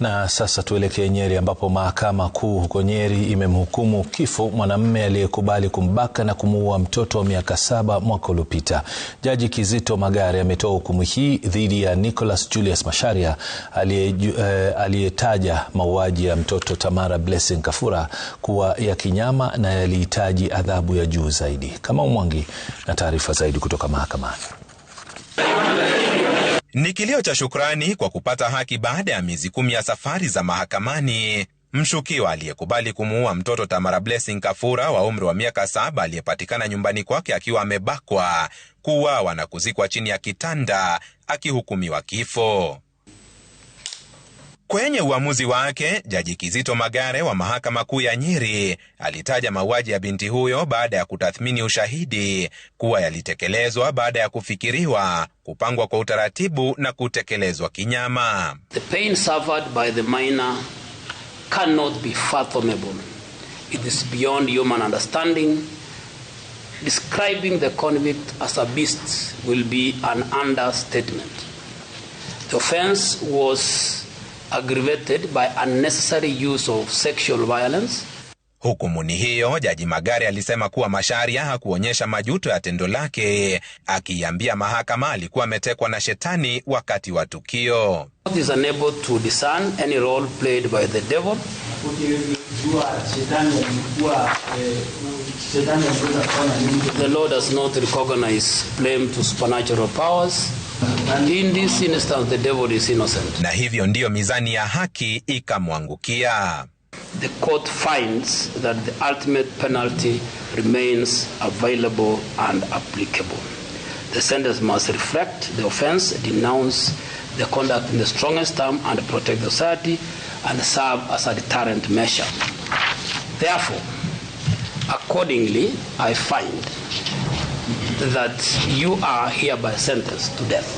Na sasa tuelekee Nyeri ambapo mahakama kuu huko Nyeri imemhukumu kifo mwanamume aliyekubali kumbaka na kumuua mtoto wa miaka saba mwaka uliopita. Jaji Kizito Magare ametoa hukumu hii dhidi ya Nicholas Julius Macharia eh, aliyetaja uh, mauaji ya mtoto Tamara Blessing Kafura kuwa ya kinyama na yalihitaji adhabu ya juu zaidi. kama umwangi na taarifa zaidi kutoka mahakamani. Ni kilio cha shukrani kwa kupata haki baada ya miezi kumi ya safari za mahakamani. Mshukiwa aliyekubali kumuua mtoto Tamara Blessing Kafura wa umri wa miaka saba aliyepatikana nyumbani kwake akiwa amebakwa, kuuawa na kuzikwa chini ya kitanda akihukumiwa kifo. Kwenye uamuzi wake, Jaji Kizito Magare wa Mahakama Kuu ya Nyeri alitaja mauaji ya binti huyo baada ya kutathmini ushahidi kuwa yalitekelezwa baada ya kufikiriwa, kupangwa kwa utaratibu na kutekelezwa kinyama. The pain suffered by the minor cannot be fathomable. It is beyond human understanding. Describing the convict as a beast will be an understatement. The offense was aggravated by unnecessary use of sexual violence. Hukumu ni hiyo Jaji Magari alisema kuwa Masharia hakuonyesha majuto ya tendo lake, akiambia mahakama alikuwa ametekwa na shetani wakati wa tukio. The law does not recognize blame to supernatural powers. In this instance, the devil is innocent. Na hivyo ndiyo mizani ya haki ikamwangukia. The court finds that the ultimate penalty remains available and applicable. The sentence must reflect the offense, denounce the conduct in the strongest term and protect the society and serve as a deterrent measure. Therefore, accordingly, I find that you are hereby sentenced to death.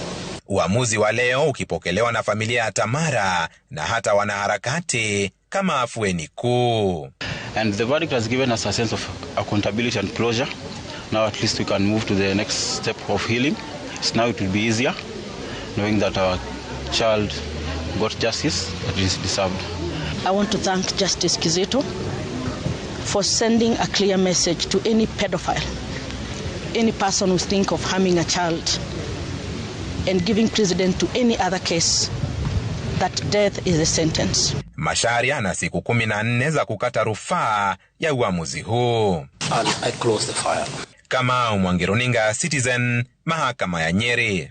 Uamuzi wa leo ukipokelewa na familia ya Tamara na hata wanaharakati kama afueni kuu. And the verdict has given us a sense of accountability and closure. Now at least we can move to the next step of healing. So now it will be easier knowing that our child got justice that is deserved. I want to thank Justice Kizito for sending a clear message to any pedophile any person who think of harming a child and giving precedent to any other case that death is a sentence. Mashari ana siku kumi na nne za kukata rufaa ya uamuzi huu. I close the file. Kama Mwangi, runinga Citizen, mahakama ya Nyeri.